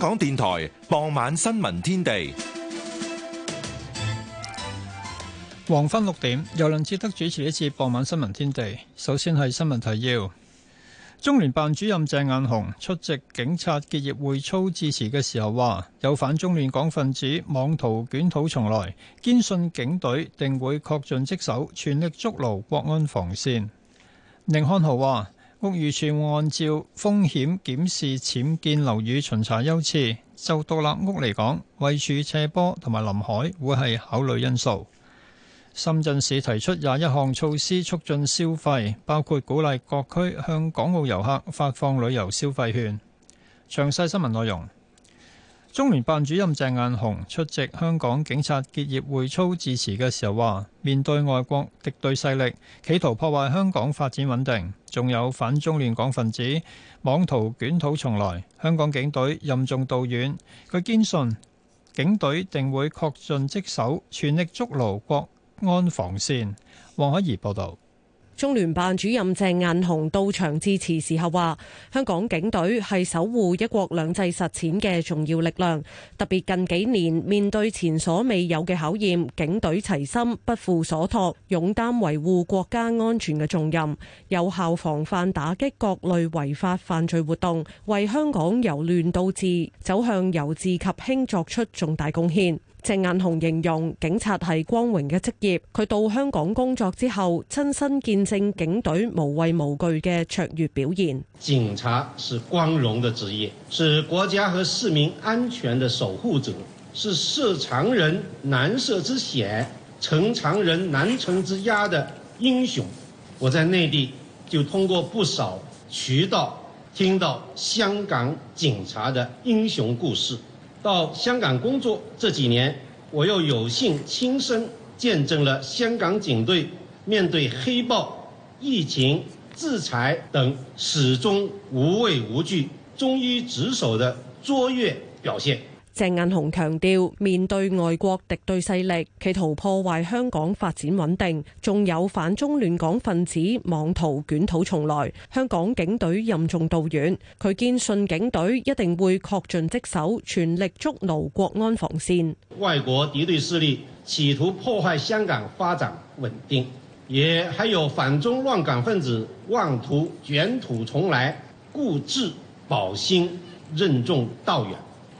香港電台傍晚新聞天地，黃昏六點，由梁志德主持一次傍晚新聞天地。首先係新聞提要，中聯辦主任鄭雁雄出席警察結業會操致辭嘅時候話，有反中亂港分子妄圖捲土重來，堅信警隊定會恪盡職守，全力築牢國安防線。寧漢豪話。屋宇署按照風險檢視僭建樓宇巡查優次，就獨立屋嚟講，位處斜坡同埋臨海會係考慮因素。深圳市提出廿一項措施促進消費，包括鼓勵各區向港澳遊客發放旅遊消費券。詳細新聞內容。中聯辦主任鄭雁雄出席香港警察結業會操致辭嘅時候話：面對外國敵對勢力，企圖破壞香港發展穩定，仲有反中亂港分子妄圖捲土重來，香港警隊任重道遠。佢堅信警隊定會恪盡職守，全力築牢國安防線。黃海怡報導。中聯辦主任鄭雁雄到場致辭時候話：香港警隊係守護一國兩制實踐嘅重要力量，特別近幾年面對前所未有嘅考驗，警隊齊心，不負所託，勇擔維護國家安全嘅重任，有效防範打擊各類違法犯罪活動，為香港由亂到治走向由治及興作出重大貢獻。鄭雁雄形容警察係光榮嘅職業，佢到香港工作之後，親身見證警隊無畏無懼嘅卓越表現。警察是光榮的職業，是國家和市民安全的守護者，是涉常人難涉之險、成常人難成之業的英雄。我在內地就通過不少渠道聽到香港警察的英雄故事。到香港工作這幾年，我又有幸親身見證了香港警隊面對黑暴、疫情、制裁等始終無畏無懼、忠於職守的卓越表現。鄭雁雄強調，面對外國敵對勢力企圖破壞香港發展穩定，仲有反中亂港分子妄圖捲土重來，香港警隊任重道遠。佢堅信警隊一定會恪盡職守，全力築牢國安防線。外國敵對勢力企圖破壞香港發展穩定，也還有反中亂港分子妄圖捲土重來，固執保心，任重道遠。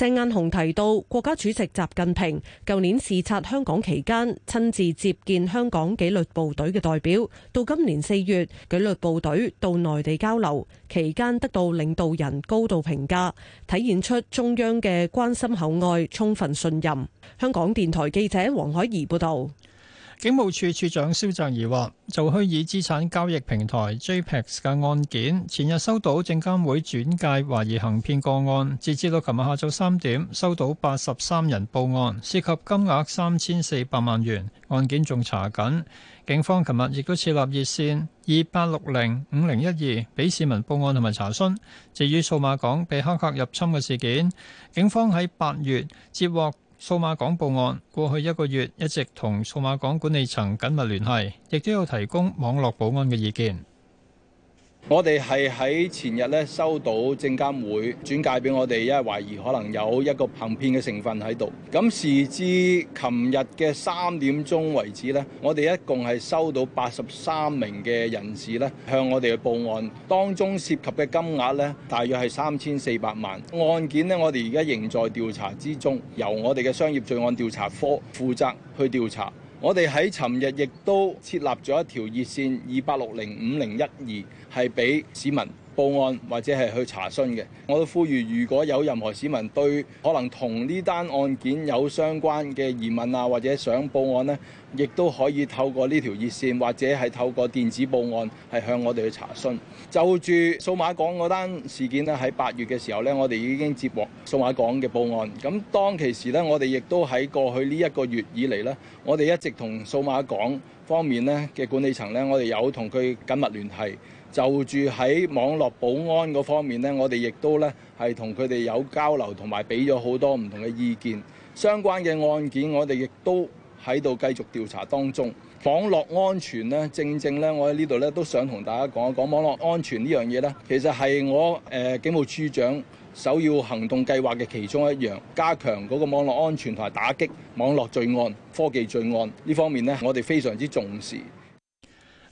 鄭雁雄提到，國家主席習近平舊年視察香港期間，親自接見香港紀律部隊嘅代表，到今年四月，紀律部隊到內地交流期間，得到領導人高度評價，體現出中央嘅關心厚愛、充分信任。香港電台記者黃海怡報道。警務處處長蕭澤頤話：就虛擬資產交易平台 JPEX 嘅案件，前日收到證監會轉介懷疑行騙個案，截至到琴日下晝三點，收到八十三人報案，涉及金額三千四百萬元，案件仲查緊。警方琴日亦都設立熱線二八六零五零一二，俾市民報案同埋查詢。至於數碼港被黑客入侵嘅事件，警方喺八月接獲。數碼港報案，過去一個月一直同數碼港管理層緊密聯繫，亦都有提供網絡保安嘅意見。我哋係喺前日咧收到證監會轉介俾我哋，因為懷疑可能有一個行騙嘅成分喺度。咁時至琴日嘅三點鐘為止咧，我哋一共係收到八十三名嘅人士咧向我哋去報案，當中涉及嘅金額咧大約係三千四百萬。案件咧我哋而家仍在調查之中，由我哋嘅商業罪案調查科負責去調查。我哋喺尋日亦都設立咗一條熱線，28605012，係俾市民報案或者係去查詢嘅，我都呼籲如果有任何市民對可能同呢單案件有相關嘅疑問啊，或者想報案咧，亦都可以透過呢條熱線或者係透過電子報案，係向我哋去查詢。就住數碼港嗰單事件咧，喺八月嘅時候咧，我哋已經接獲數碼港嘅報案。咁當其時咧，我哋亦都喺過去呢一個月以嚟咧，我哋一直同數碼港方面咧嘅管理層咧，我哋有同佢緊密聯繫。就住喺網絡保安嗰方面呢，我哋亦都呢係同佢哋有交流，同埋俾咗好多唔同嘅意見。相關嘅案件，我哋亦都喺度繼續調查當中。網絡安全呢，正正呢，我喺呢度呢都想同大家講一講。網絡安全呢樣嘢呢，其實係我誒警務處長首要行動計劃嘅其中一樣，加強嗰個網絡安全同埋打擊網絡罪案、科技罪案呢方面呢，我哋非常之重視。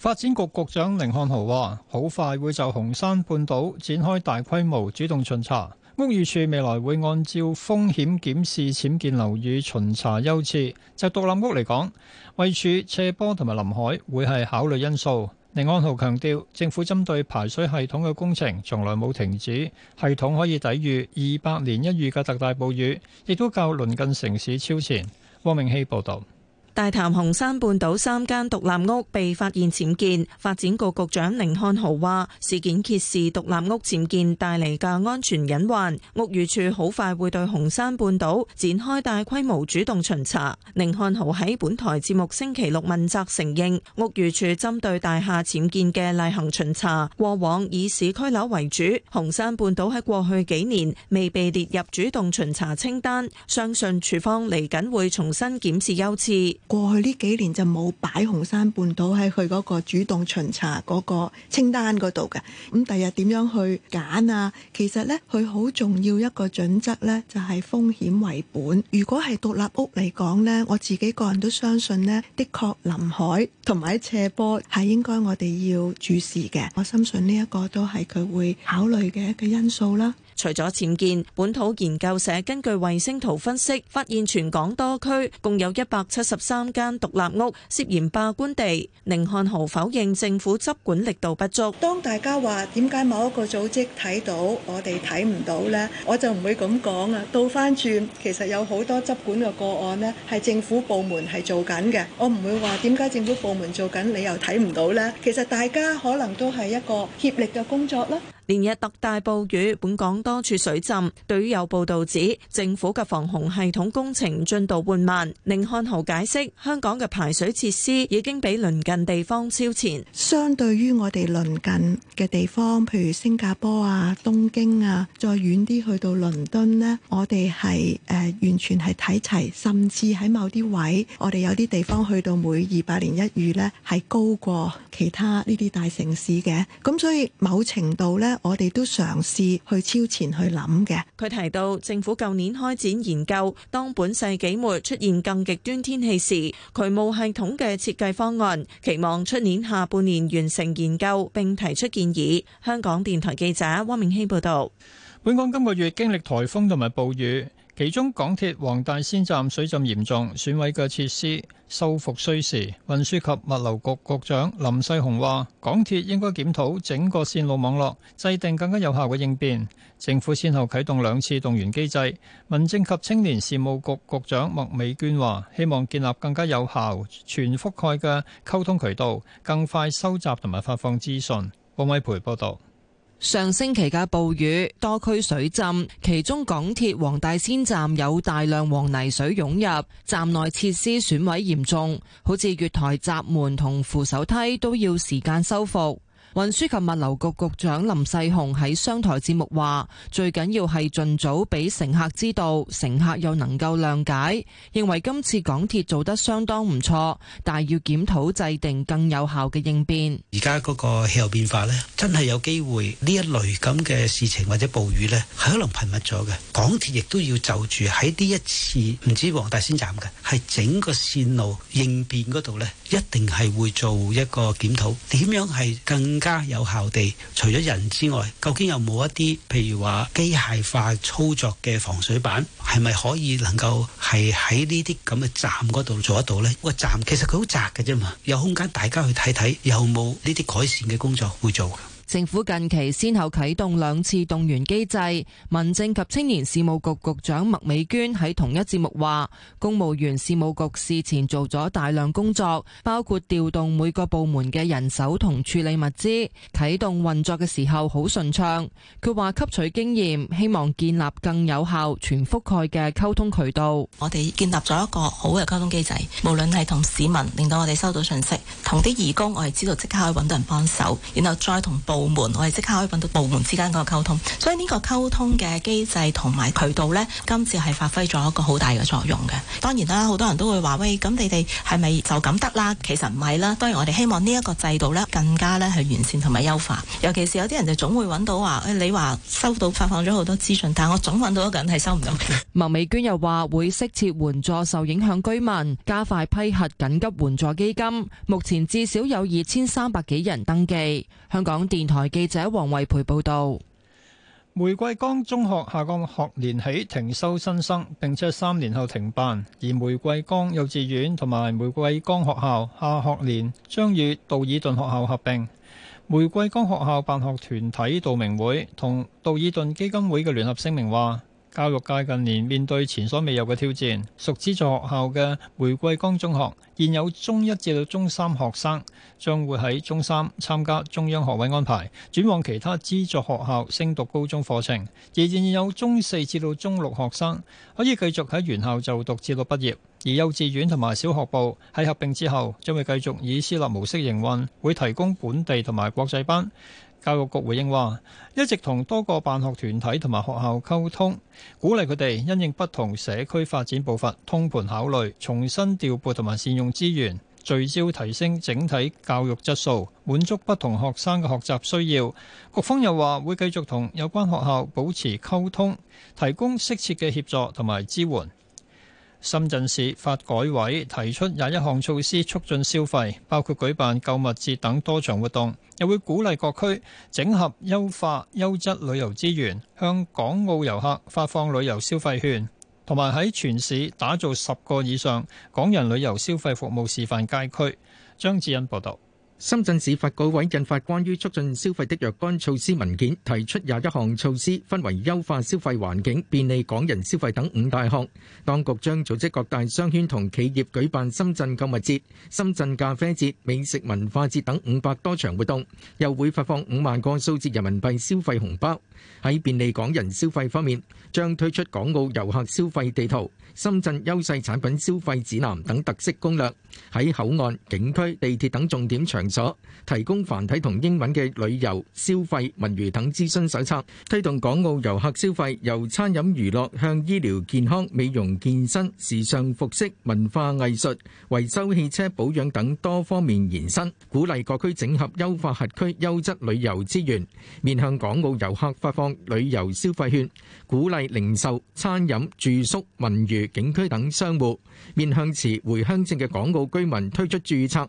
發展局局長甯漢豪話：好快會就紅山半島展開大規模主動巡查，屋宇署未來會按照風險檢視僭建樓宇巡查優次。就獨立屋嚟講，位處斜坡同埋臨海會係考慮因素。甯漢豪強調，政府針對排水系統嘅工程從來冇停止，系統可以抵禦二百年一遇嘅特大暴雨，亦都較鄰近城市超前。汪明希報導。大潭紅山半島三間獨立屋被發現僭建，發展局局長甯漢豪話：事件揭示獨立屋僭建帶嚟嘅安全隱患，屋宇處好快會對紅山半島展開大規模主動巡查。甯漢豪喺本台節目星期六問責，承認屋宇處針對大廈僭建嘅例行巡查，過往以市區樓為主，紅山半島喺過去幾年未被列入主動巡查清單，相信處方嚟緊會重新檢視優次。過去呢幾年就冇擺紅山半島喺佢嗰個主動巡查嗰個清單嗰度嘅，咁第日點樣去揀啊？其實呢，佢好重要一個準則呢，就係風險為本。如果係獨立屋嚟講呢，我自己個人都相信呢，的確臨海同埋斜坡係應該我哋要注視嘅。我深信呢一個都係佢會考慮嘅一個因素啦。除咗僭建，本土研究社根據衛星圖分析，發現全港多區共有一百七十三間獨立屋涉嫌霸官地。寧漢豪否認政府執管力度不足。當大家話點解某一個組織睇到，我哋睇唔到呢？我就唔會咁講啊。倒翻轉，其實有好多執管嘅個案呢，係政府部門係做緊嘅。我唔會話，點解政府部門做緊，你又睇唔到呢？其實大家可能都係一個協力嘅工作囉。連日特大暴雨，本港多處水浸。對於有報道指政府嘅防洪系統工程進度緩慢，寧漢豪解釋：香港嘅排水設施已經比鄰近地方超前。相對於我哋鄰近嘅地方，譬如新加坡啊、東京啊，再遠啲去到倫敦呢，我哋係誒完全係睇齊，甚至喺某啲位，我哋有啲地方去到每二百年一遇呢，係高過其他呢啲大城市嘅。咁所以某程度呢。我哋都嘗試去超前去諗嘅。佢提到政府舊年開展研究，當本世紀末出現更極端天氣時，渠務系統嘅設計方案，期望出年下半年完成研究並提出建議。香港電台記者汪明希報導。本港今個月經歷颱風同埋暴雨。其中港鐵黃大仙站水浸嚴重，損毀嘅設施修復需時。運輸及物流局局長林世雄話：港鐵應該檢討整個線路網絡，制定更加有效嘅應變。政府先後啟動兩次動員機制。民政及青年事務局局局長麥美娟話：希望建立更加有效、全覆蓋嘅溝通渠道，更快收集同埋發放資訊。郭偉培報道。上星期嘅暴雨，多區水浸，其中港鐵黃大仙站有大量黃泥水湧入，站內設施損毀嚴重，好似月台閘門同扶手梯都要時間修復。運輸及物流局局長林世雄喺商台節目話，最緊要係盡早俾乘客知道，乘客又能夠諒解，認為今次港鐵做得相當唔錯，但係要檢討制定更有效嘅應變。而家嗰個氣候變化呢，真係有機會呢一類咁嘅事情或者暴雨呢，係可能頻密咗嘅。港鐵亦都要就住喺呢一次唔止黃大仙站嘅，係整個線路應變嗰度呢，一定係會做一個檢討，點樣係更。更加有效地除咗人之外，究竟有冇一啲譬如話機械化操作嘅防水板，係咪可以能夠係喺呢啲咁嘅站嗰度做得到咧？個站其實佢好窄嘅啫嘛，有空間大家去睇睇，有冇呢啲改善嘅工作會做。政府近期先後啟動兩次動員機制，民政及青年事務局局長麥美娟喺同一節目話，公務員事務局事前做咗大量工作，包括調動每個部門嘅人手同處理物資，啟動運作嘅時候好順暢。佢話吸取經驗，希望建立更有效、全覆蓋嘅溝通渠道。我哋建立咗一個好嘅溝通機制，無論係同市民，令到我哋收到信息，同啲義工我哋知道即刻可以搵到人幫手，然後再同部。部門我哋即刻可以搵到部門之間嗰個溝通，所以呢個溝通嘅機制同埋渠道咧，今次係發揮咗一個好大嘅作用嘅。當然啦，好多人都會話：喂，咁你哋係咪就咁得啦？其實唔係啦。當然我哋希望呢一個制度咧，更加咧係完善同埋優化。尤其是有啲人就總會搵到話：誒、哎，你話收到發放咗好多資訊，但我總搵到一個人係收唔到。麥美娟又話會適切援助受影響居民，加快批核緊急援助基金。目前至少有二千三百幾人登記。香港電台記者王慧培報道：玫瑰崗中學下個學年起停收新生，並且三年後停辦。而玫瑰崗幼稚園同埋玫瑰崗學校下學年將與道爾頓學校合併。玫瑰崗學校辦學團體道明會同道爾頓基金會嘅聯合聲明話，教育界近年面對前所未有的挑戰，屬資助學校嘅玫瑰崗中學，現有中一至到中三學生將會喺中三參加中央學位安排，轉往其他資助學校升讀高中課程；而現有中四至到中六學生可以繼續喺原校就讀至到畢業。而幼稚園同埋小學部喺合併之後，將會繼續以私立模式營運，會提供本地同埋國際班。教育局回應話：一直同多個辦學團體同埋學校溝通，鼓勵佢哋因應不同社區發展步伐，通盤考慮，重新調配同埋善用資源，聚焦提升整體教育質素，滿足不同學生嘅學習需要。局方又話會繼續同有關學校保持溝通，提供適切嘅協助同埋支援。深圳市發改委提出廿一項措施促進消費，包括舉辦購物節等多場活動，又會鼓勵各區整合優化優質旅遊資源，向港澳遊客發放旅遊消費券，同埋喺全市打造十個以上港人旅遊消費服務示範街區。張志欣報道。深圳市發改委印發關於促進消費的《若干措施》文件，提出廿一項措施，分為優化消費環境、便利港人消費等五大項。當局將組織各大商圈同企業舉辦深圳購物節、深圳咖啡節、美食文化節等五百多場活動，又會發放五萬個數字人民幣消費紅包。喺便利港人消費方面，將推出港澳遊客消費地圖、深圳優勢產品消費指南等特色攻略。喺口岸、景區、地鐵等重點場所提供繁體同英文嘅旅遊消費文娛等諮詢手冊，推動港澳遊客消費由餐飲娛樂向醫療健康、美容健身、時尚服飾、文化藝術、維修汽車保養等多方面延伸，鼓勵各區整合優化轄區優質旅遊資源，面向港澳遊客發放旅遊消費券，鼓勵零售、餐飲、住宿、文娛、景區等商戶面向持回鄉證嘅港澳居民推出注冊。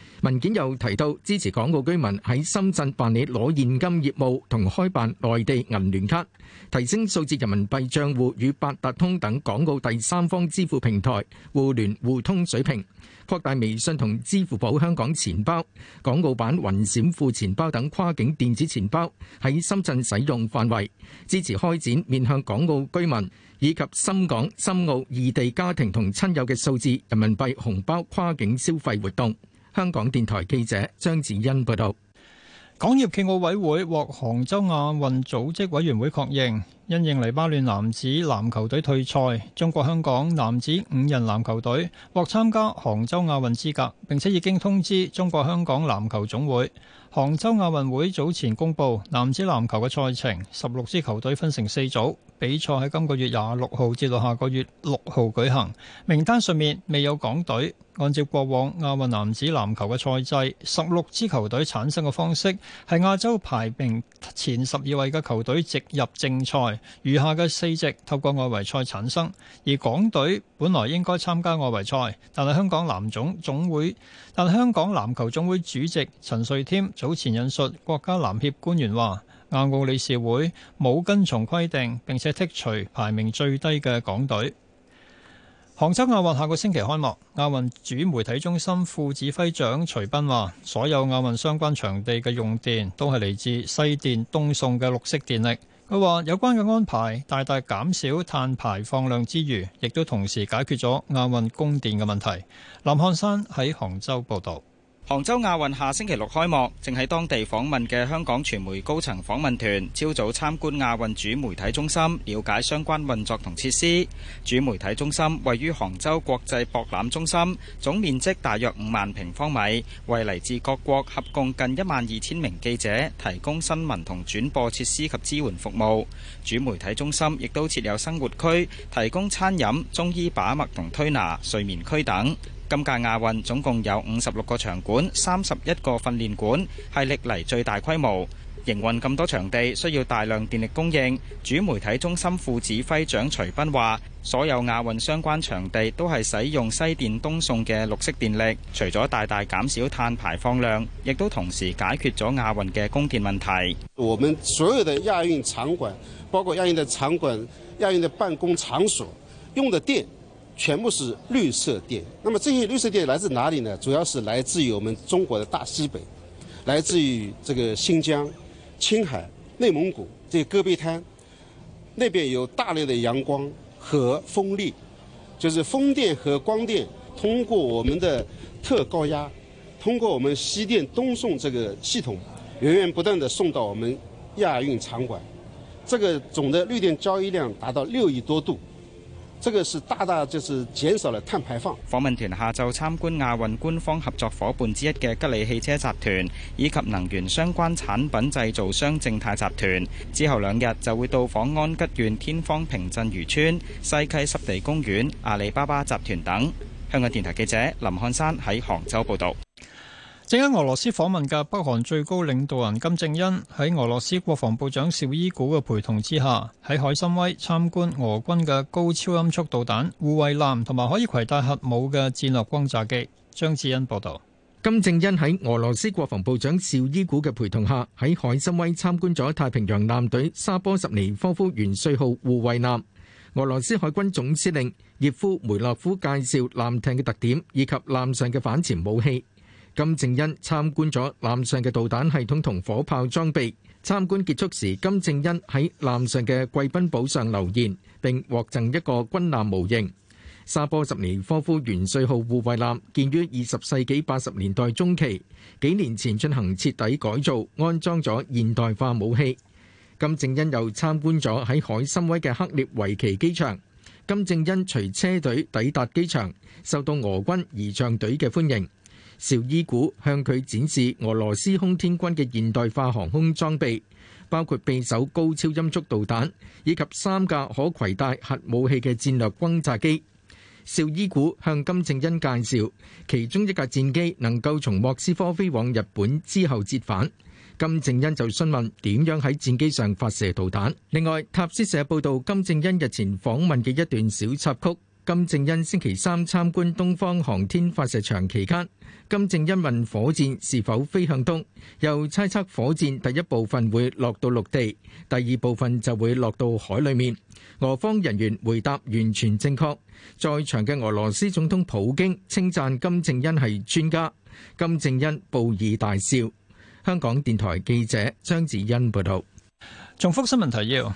文件又提到支持港澳居民喺深圳辦理攞現金業務同開辦內地銀聯卡，提升數字人民幣賬戶與八達通等港澳第三方支付平台互聯互通水平，擴大微信同支付寶香港錢包、港澳版雲閃付錢包等跨境電子錢包喺深圳使用範圍，支持開展面向港澳居民以及深港、深澳異地家庭同親友嘅數字人民幣紅包跨境消費活動。香港電台記者張子欣報道，港協暨奧委會獲杭州亞運組織委員會確認，因應黎巴嫩男子籃球隊退賽，中國香港男子五人籃球隊獲參加杭州亞運資格，並且已經通知中國香港籃球總會。杭州亞運會早前公布男子籃球嘅賽程，十六支球隊分成四組。比賽喺今個月廿六號至到下個月六號舉行，名單上面未有港隊。按照過往亞運男子籃球嘅賽制，十六支球隊產生嘅方式係亞洲排名前十二位嘅球隊直入正賽，餘下嘅四席透過外圍賽產生。而港隊本來應該參加外圍賽，但係香港籃總總會，但係香港籃球總會主席陳瑞添早前引述國家籃協官員話。亞奧理事會冇跟從規定，並且剔除排名最低嘅港隊。杭州亞運下個星期開幕，亞運主媒體中心副指揮長徐斌話：所有亞運相關場地嘅用電都係嚟自西電東送嘅綠色電力。佢話有關嘅安排大大減少碳排放量之餘，亦都同時解決咗亞運供電嘅問題。林漢山喺杭州報導。杭州亞運下星期六開幕，正喺當地訪問嘅香港傳媒高層訪問團，朝早參觀亞運主媒體中心，了解相關運作同設施。主媒體中心位於杭州國際博覽中心，總面積大約五萬平方米，為嚟自各國合共近一萬二千名記者提供新聞同轉播設施及支援服務。主媒體中心亦都設有生活區，提供餐飲、中醫把脈同推拿、睡眠區等。今屆亞運總共有五十六個場館，三十一個訓練館，係歷嚟最大規模。營運咁多場地需要大量電力供應，主媒體中心副指揮長徐斌話，所有亞運相關場地都係使用西電東送嘅綠色電力，除咗大大減少碳排放量，亦都同時解決咗亞運嘅供電問題。我們所有的亞運場館，包括亞運的場館、亞運的辦公場所，用的電。全部是綠色電。那麼這些綠色電來自哪裏呢？主要是來自於我們中國的大西北，來自於這個新疆、青海、內蒙古這些戈壁灘那邊有大量的陽光和風力，就是風電和光電，通過我們的特高壓，通過我們西電東送這個系統，源源不斷的送到我們亞運場館。這個總的綠電交易量達到六億多度。這個是大大就是減少了碳排放。訪問團下晝參觀亞運官方合作伙伴之一嘅吉利汽車集團，以及能源相關產品製造商正泰集團。之後兩日就會到訪安吉縣天荒坪鎮漁村、西溪濕地公園、阿里巴巴集團等。香港電台記者林漢山喺杭州報導。正喺俄羅斯訪問嘅北韓最高領導人金正恩喺俄羅斯國防部長紹伊古嘅陪同之下，喺海參崴參觀俄軍嘅高超音速導彈護衛艦同埋可以攜帶核武嘅戰略轟炸機。張志恩報道，金正恩喺俄羅斯國防部長紹伊古嘅陪同下喺海參崴參觀咗太平洋艦隊沙波什尼科夫元帥號護衛艦。俄羅斯海軍總司令葉夫梅洛夫介紹艦艇嘅特點以及艦上嘅反潛武器。金正恩參觀咗艦上嘅導彈系統同火炮裝備。參觀結束時，金正恩喺艦上嘅貴賓堡上留言，並獲贈一個軍艦模型。沙波什尼科夫元帥號護衛艦建於二十世紀八十年代中期，幾年前進行徹底改造，安裝咗現代化武器。金正恩又參觀咗喺海參崴嘅克列維奇機場。金正恩隨車隊抵達機場，受到俄軍儀仗隊嘅歡迎。邵伊古向佢展示俄羅斯空天軍嘅現代化航空裝備，包括匕首高超音速導彈以及三架可攜帶核武器嘅戰略轟炸機。邵伊古向金正恩介紹其中一架戰機能夠從莫斯科飛往日本之後折返。金正恩就詢問點樣喺戰機上發射導彈。另外，塔斯社報道，金正恩日前訪問嘅一段小插曲。金正恩星期三參觀東方航天發射場期間。金正恩問火箭是否飛向東，又猜測火箭第一部分會落到陸地，第二部分就會落到海裏面。俄方人員回答完全正確，在場嘅俄羅斯總統普京稱讚金正恩係專家。金正恩報以大笑。香港電台記者張子欣報道。重複新聞提要。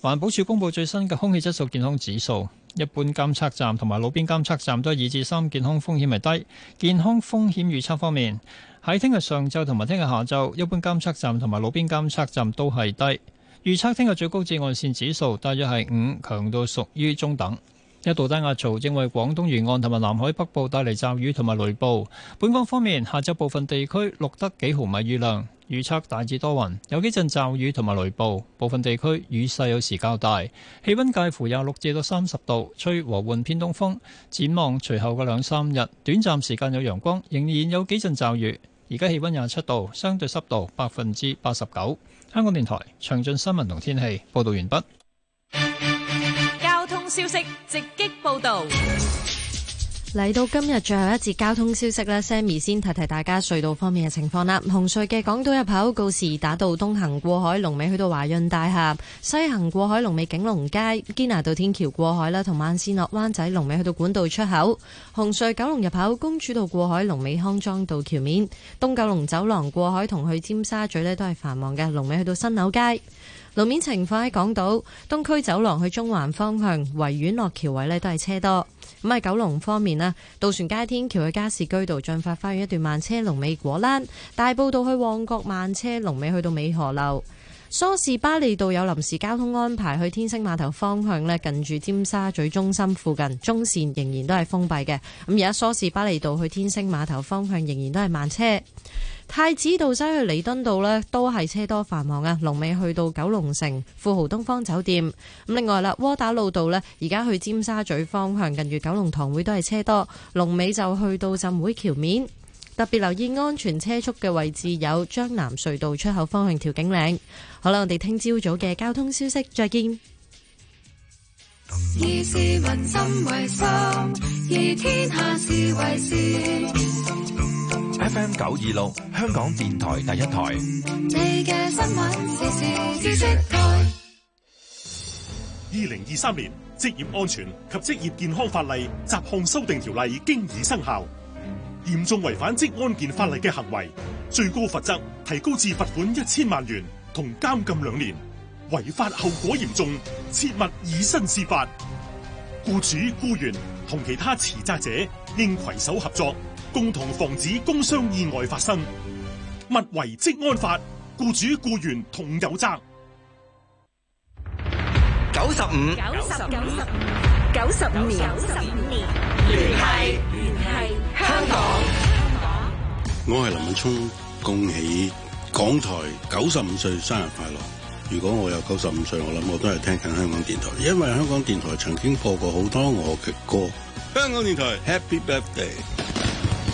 環保署公布最新嘅空氣質素健康指數，一般監測站同埋路邊監測站都係二至三，健康風險係低。健康風險預測方面，喺聽日上晝同埋聽日下晝，一般監測站同埋路邊監測站都係低。預測聽日最高紫外線指數大約係五，強度屬於中等。一度低壓槽正為廣東沿岸同埋南海北部帶嚟驟雨同埋雷暴。本港方面，下晝部分地區錄得幾毫米雨量，預測大致多雲，有幾陣驟雨同埋雷暴，部分地區雨勢有時較大。氣温介乎廿六至到三十度，吹和緩偏東風。展望隨後嘅兩三日，短暫時間有陽光，仍然有幾陣驟雨。而家氣温廿七度，相對濕度百分之八十九。香港電台詳盡新聞同天氣報導完畢。消息直擊報道，嚟到今日最後一節交通消息啦。Sammy 先提提大家隧道方面嘅情況啦。紅隧嘅港島入口，告士打道東行過海龍尾去到華潤大廈，西行過海龍尾景隆街、堅拿道天橋過海啦，同慢線落灣仔龍尾去到管道出口。紅隧九龍入口，公主道過海龍尾康莊道橋面，東九龍走廊過海同去尖沙咀呢都係繁忙嘅，龍尾去到新樓街。路面情況喺港島東區走廊去中環方向，維園落橋位都係車多。咁喺九龍方面咧，渡船街天橋去加士居道進發花園一段慢車，龍尾果欄；大埔道去旺角慢車，龍尾去到美荷樓。梳士巴利道有臨時交通安排，去天星碼頭方向咧，近住尖沙咀中心附近，中線仍然都係封閉嘅。咁而家梳士巴利道去天星碼頭方向仍然都係慢車。太子道西去彌敦道呢，都係車多繁忙啊，龍尾去到九龍城富豪東方酒店。咁另外啦，窩打老道呢，而家去尖沙咀方向，近住九龍塘會都係車多，龍尾就去到浸會橋面。特別留意安全車速嘅位置有將南隧道出口方向調景嶺。好啦，我哋聽朝早嘅交通消息再見。以市民心為心，以天下事為事。FM 九二六，26，香港電台第一台。二零二三年職業安全及職業健康法例雜項修訂條例經已生效，嚴重違反職安健法例嘅行為，最高罰則提高至罰款一千萬元同監禁兩年。違法後果嚴重，切勿以身試法。僱主、僱員同其他持份者應攜手合作。共同防止工傷意外發生，勿違職安法，雇主雇員同有責。九十五，九十五，九十五年，聯繫,聯繫,聯繫香港。香港我係林敏聰，恭喜港台九十五歲生日快樂！如果我有九十五歲，我諗我都係聽緊香港電台，因為香港電台曾經播過好多我嘅歌。香港電台 Happy Birthday！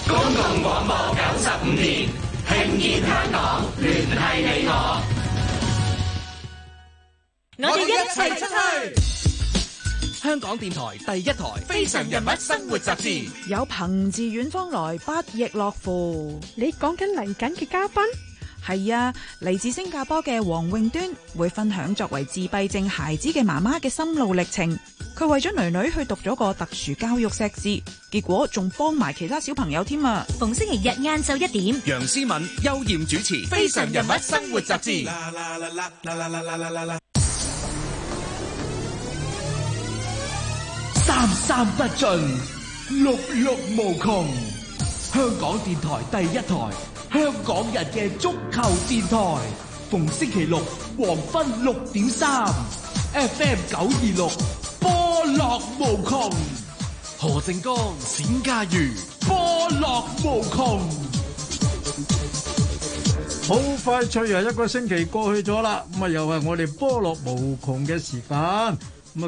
公共廣播九十五年，聽見香港，聯繫你和我。我哋一齊出去。香港電台第一台《非常人物》生活雜誌，有朋自遠方來，不亦樂乎？你講緊嚟緊嘅嘉賓係啊，嚟自新加坡嘅黃穎端，會分享作為自閉症孩子嘅媽媽嘅心路歷程。佢為咗女女去讀咗個特殊教育碩士，結果仲幫埋其他小朋友添啊！逢星期日晏晝一點，楊思敏、邱艷主持《非常人物生活雜誌》。三三不盡，六六無窮。香港電台第一台，香港人嘅足球電台。逢星期六黃昏六點三，FM 九二六。樂無窮，何正剛、冼家瑜，波樂無窮，好快脆啊！又一個星期過去咗啦，咁啊又係我哋波樂無窮嘅時間，咁啊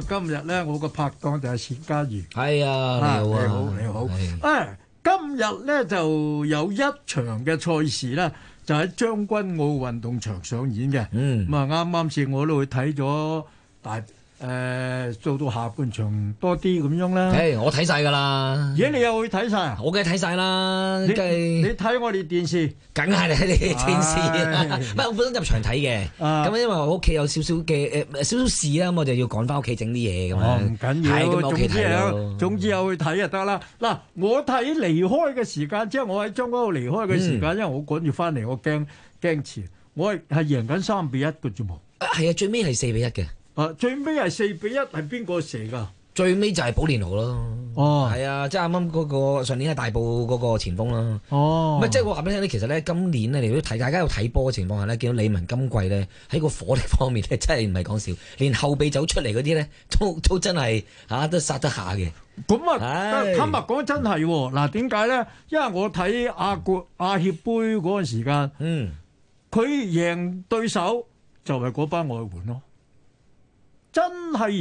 今日咧我個拍檔就係冼家瑜，係啊，哎、你好，你好，你好是，誒、哎，今日咧就有一場嘅賽事咧，就喺將軍澳運動場上演嘅，嗯，咁啊啱啱先我都去睇咗大。誒，做到下半場多啲咁樣啦。誒，我睇晒噶啦。咦，你又會睇晒？我梗係睇晒啦。你你睇我哋電視，梗係睇你哋電視。唔係我本身入場睇嘅。咁因為我屋企有少少嘅，誒，少少事啦，我就要趕翻屋企整啲嘢咁。哦，唔緊要，總之啊，總之有去睇就得啦。嗱，我睇離開嘅時間，即係我喺中嗰度離開嘅時間，因為我趕住翻嚟我驚驚遲。我係係贏緊三比一嘅啫嘛。誒，係啊，最尾係四比一嘅。啊！最尾係四比一，係邊個射噶？最尾就係保蓮奴咯。哦，係啊，即係啱啱嗰個上年喺大埔嗰個前鋒啦。哦，即係我話俾你聽咧，其實咧今年咧，你都睇，大家有睇波嘅情況下咧，見到李文今季咧喺個火力方面咧，真係唔係講笑，連後備走出嚟嗰啲咧，都都真係吓、啊、都殺得下嘅。咁啊，係坦白講真係喎。嗱，點解咧？因為我睇亞冠、亞協盃嗰陣時間，嗯，佢贏對手就係嗰班外援咯。真係。